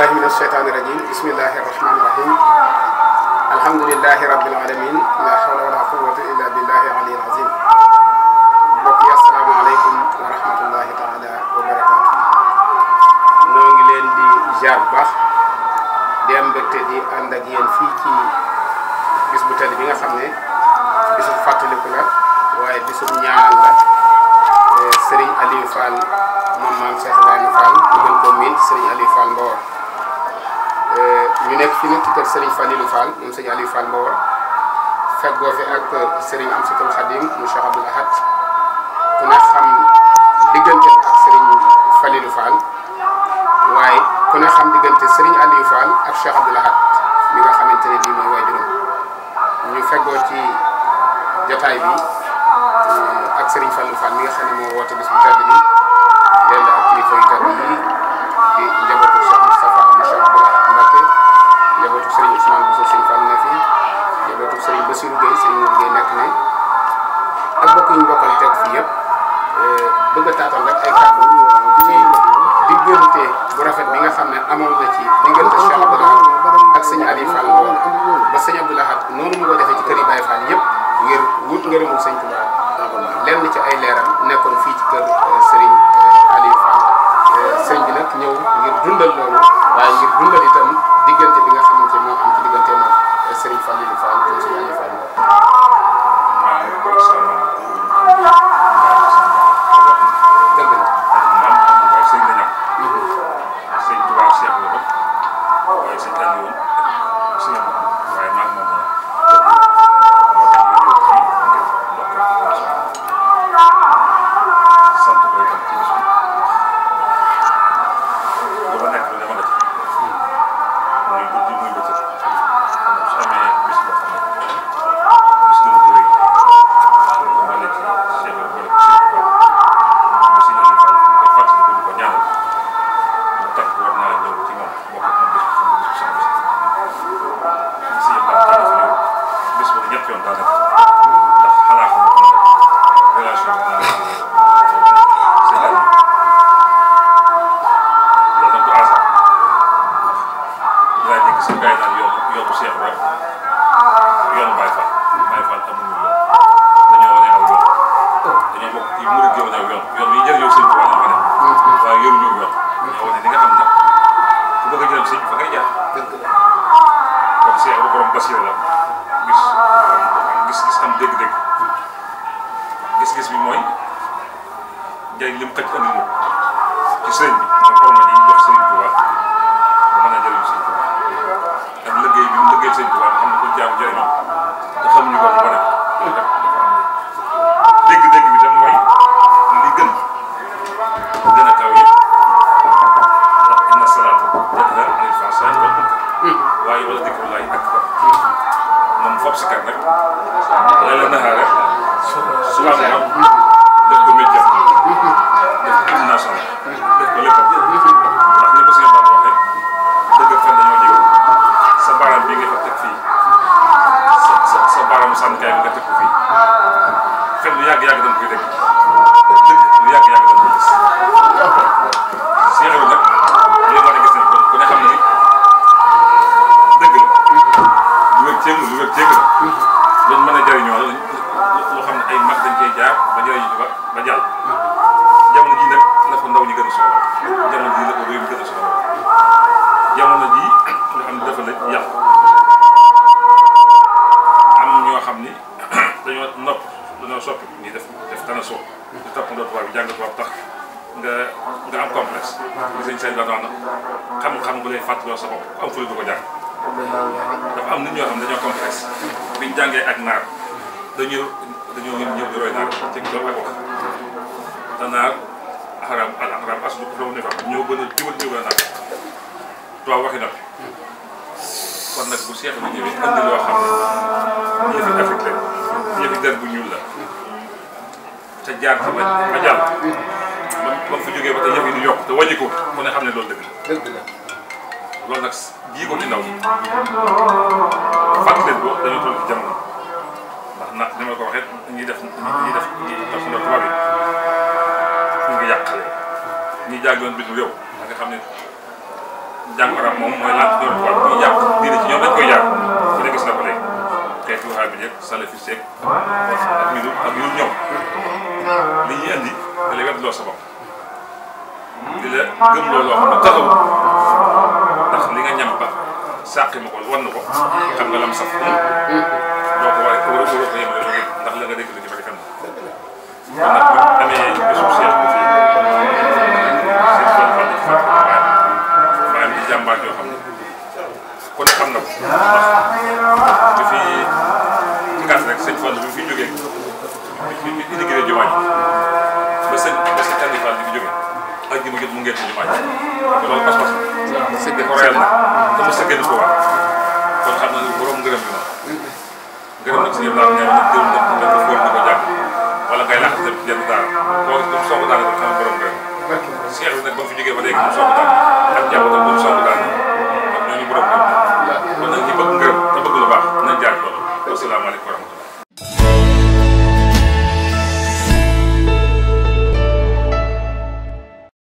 billahi min asheytaani rajim bismillahi rahmaani rahim alhamdulilahi rabbil alamin la hawla wala quwwata illa billahi aliyil azim mbokk yi assalaamu aleykum wa rahmatullahi taala wa barakaatu noo ngi leen di jaar baax di am mbégte di ànd ak yéen fii ci bis bu tedd bi nga xam ne bisu fàttaliku la waaye bisu ñaanal la eh, Serigne Aliou Fall moom maam Cheikh Ibrahima Fall ñu gën ko miin Serigne Aliou fi nag ci kër Serigne Falilou Fall moom sëñ Aliou Fall Mbawar feggoo fi ak Serigne Amsatul Khadim mu Cheikh Abdoul Ahad ku ne xam diggante ak Serigne Falilou Fall waaye ku ne xam diggante Serigne Aliou Fall ak Cheikh Abdoul Ahad mi nga xamante ne bii mooy waajuram ñu feggoo ci jotaay bi euh, ak Serigne Falilou Fall mi nga xam ne moo woote bis bu tedd bi sëriñ Bassirou Gueye sëriñ Modou Gueye nekk nañ ak bokk ñu bokkal teg fii yëpp eh, bëgg a taatal rek ay kàddu eh, ci diggante bu rafet bi nga xam ne amoon na ci diggante Cheikh Ibrahima ak sëñ Aliou Fall ba sëñ Abdoul Ahad noonu mu ko defee ci kër yi Baye Fall yëpp ngir wut ngërëmul sëñ Touba lenn ci ay leeram nekkoon fii ci kër eh, sëriñ Aliou Fall sëñ bi nag ñëw ngir dundal loolu waaye ngir dundal itam diggante bi nga xamante moo am ci diggante moom sëriñ Fall Thank you. yoonu Cheikh Ibrahima yoonu Baye Fall Baye Fall amuñu yoon dañoo wane aw yoon dañoo bokk ci murid yoon aw yoon yoon yi jërëjëf sëñ Tuubaa lañ ko waaye yoonu ñu yoon dañoo wane li nga xam ne ku bëgg a jëlam sëñ fa ngay jaar kon Cheikh bu borom Basiir la gis gis-gis am dégg-dégg gis-gis bi mooy njëriñ lim xëcc andi ñu ci sëñ bi bëri na te xamuñu ko bu bëri dégg-dégg bi tam mooy li gën gën a kaw yëpp ndax inna salaata tanhaa anil fahshaa'i wal munkar waaye wala dikrullaahi akbar moom fab si kat nag la la naxaare su am kaay nga dëkk fii fenn yàgg-yàgg dama koy dégg a soppi nii def def dana soo di toppandoo tubaab bi jàng tubaab tax nga nga am complexe li sëñ sëñ daan na xam-xam bu lay fàttaloo sa bopp am ful du ko jàng dafa am nit ñoo xam dañoo complexe biñ jàngee ak naar dañu dañoo ñëw di roy naar ci loolu ak wax te naar axaraam al axaraam aslu ko ne fa ñoo gën a jubal ñoo gën a naar tubaab waxi noppi kon nag bu seex bi ñëwee indi loo xam ne ñëfi Afrique la ñëfi der bu ñuul la te jaar ci ma ma jàll man man fa ne xam ne loolu dëgg la dëgg la loolu nag jii ko ci ndaw fàttali leen ko dañoo toll ci jamono ndax na dama ko waxee ñi def ñi def ñi def suñu tubaab yi ñu ngi yàqale ñi jàngoon bitim réew da xam ne jàng arab moom mooy laaj doon tubaab bi yàq diine ci ñoom dañ koy yàq ku ne gis na ko léegi xeetu waxaa bi yeeg salafis yeeg ak ñu ak ñu ñëw di la gëm loolu loo xam ne taxaw ndax li nga ñam ba sàqi ma ko wan na ko xam nga lam saf doo ko war a war a war a yemale loolu ndax la nga dégg la ci bëri kan la kon nag bu amee bésu seex bu fi jàmbaar yoo xam ne kon xam na ko mu ngeen ñu màcc te loolu pas-pas la. waaw sëgg réel na te mu sëggee ko waat kon xam na ne borom ngërëm bi moom. ngërëm nag si ñëpp daal ñaar ñëpp gërëm na ko fóot na ko jàpp wala ngay làq dem jënd daal koo ko soog a daal ko xam borom ngërëm. Seex nag ba fi jógee ba léegi mu soog a daal ak jàpp ko mu soog a daal